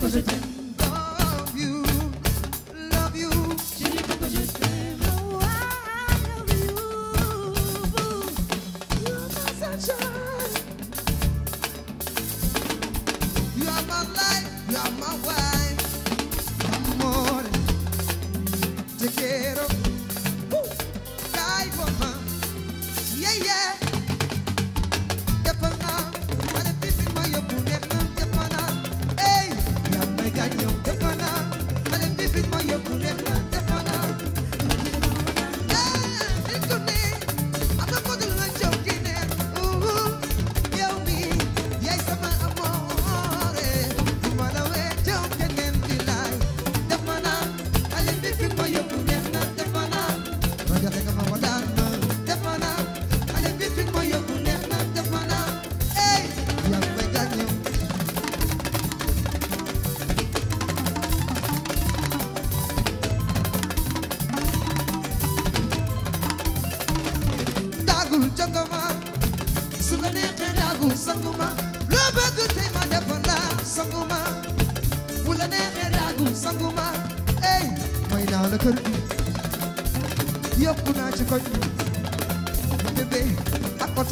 positive. sanguma bëgg tey ma def la sanguma bu la neexee raagu sanguma ey may naa la kër gi yóbbu naa ci koñ bi bébé ak ko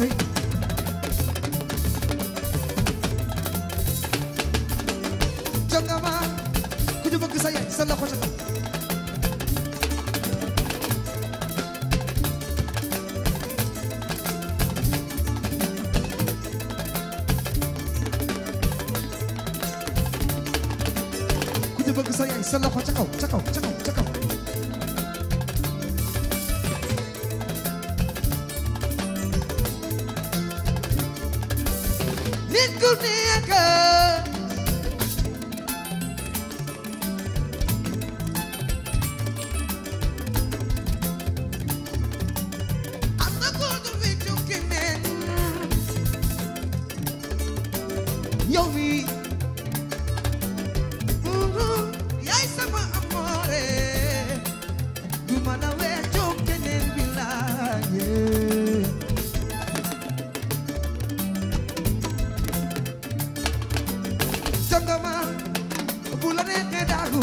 sa yaay sa loxo ca kaw ca kaw ca kaw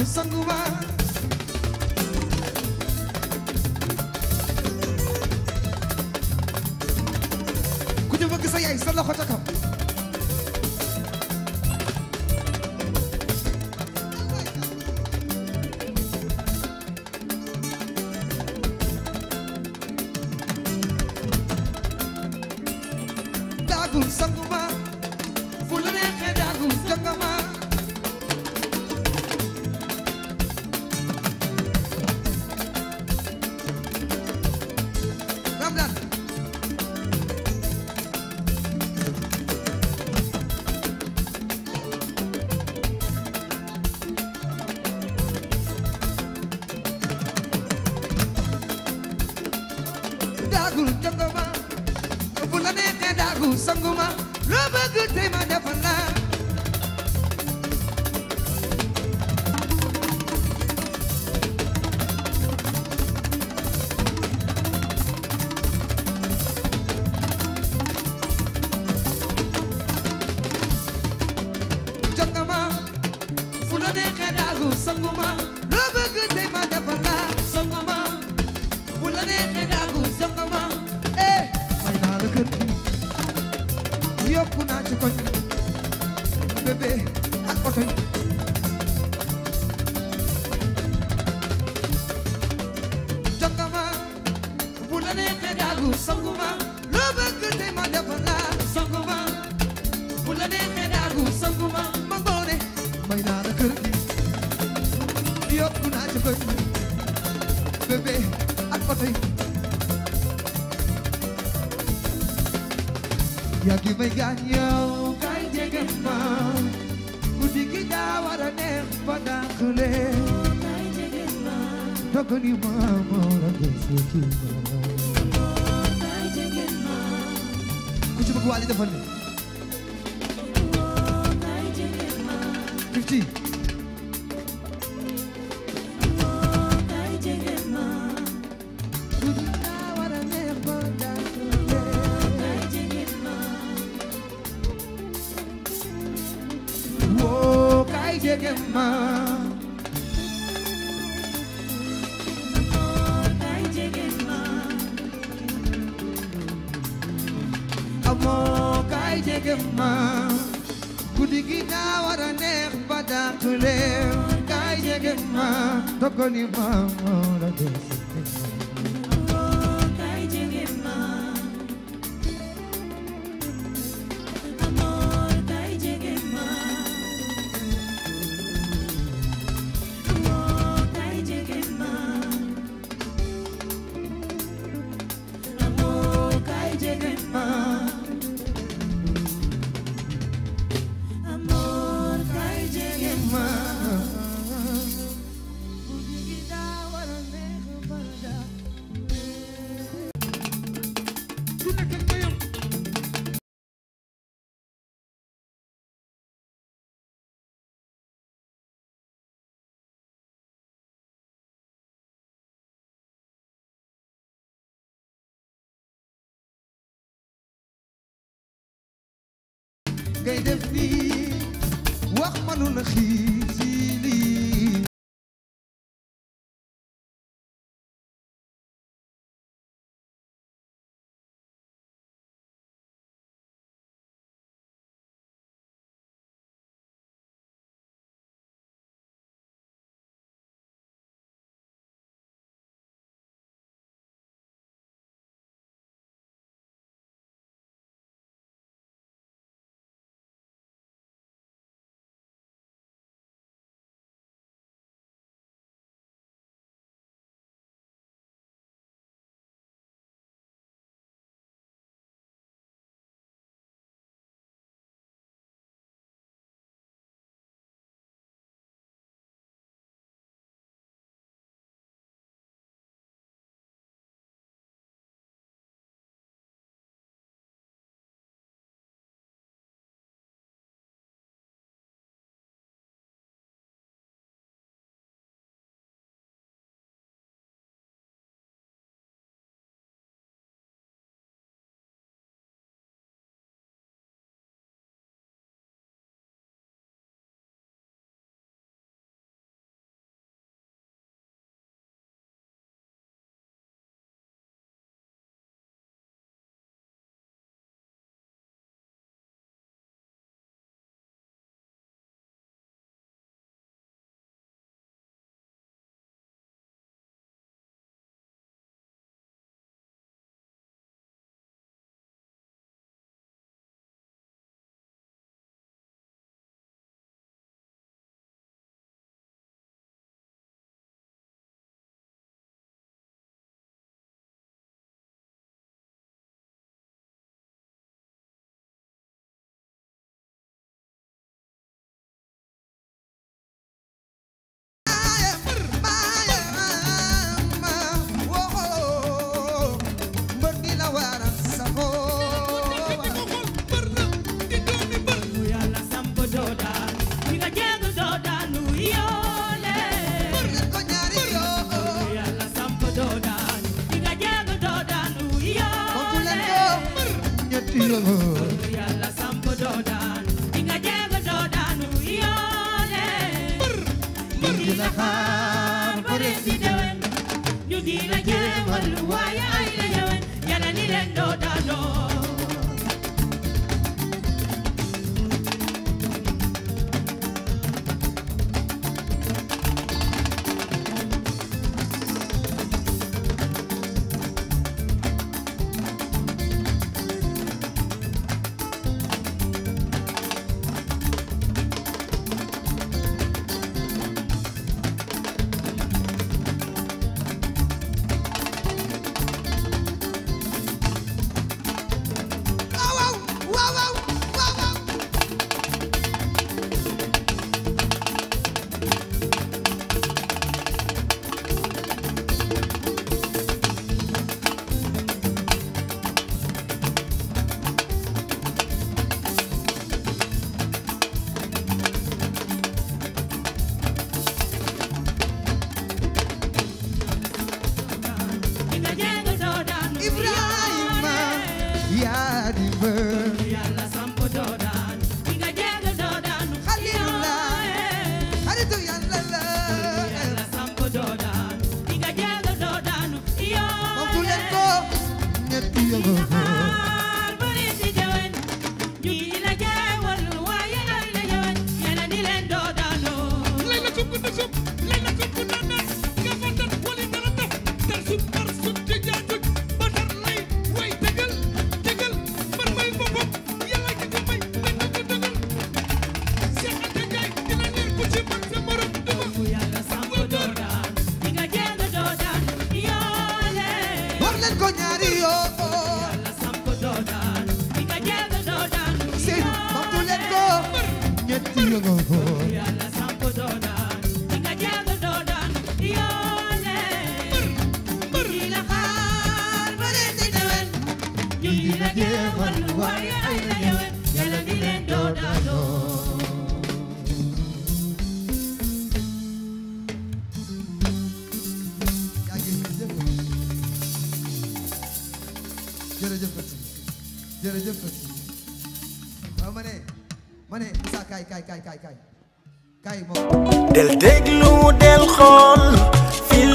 sanguba ku ci bëgg sa yaay sa loxo ca kaw sangu tàggu sanguma loo bëgg tey ma defal la jot nga ma fu la neexee tàggu sanguma ne te daagu sangu ma loo bëgg te ma defal la sangu ma bu la ne te daagu sangu ma ma ngoone may naa la kër gi yokku naa ci kër gi bébé ak oto yi yaa ngi may gaañ yow kay jege ma guddi gi daa war a neex ba dàqale dogal yi ma ma war a gëstu ci ma bu Wally defal ni Fifty woo kay jege ma bëgg ma guddi war a neex ba dàqule kaay jege ma tokkoni ma moo la ngay def nii wax ma lu la xiir di la jéem a lu waaye ay la yewen yàlla ni leen doo daanoo Sana waaye ay la yewen yàlla di leen doodaanoo jërëjëf Fatou jërëjëf Fatou waaw ma ne ma ne Moussa kaay kaay kaay kaay kaay kaay moom del déglu del xool fil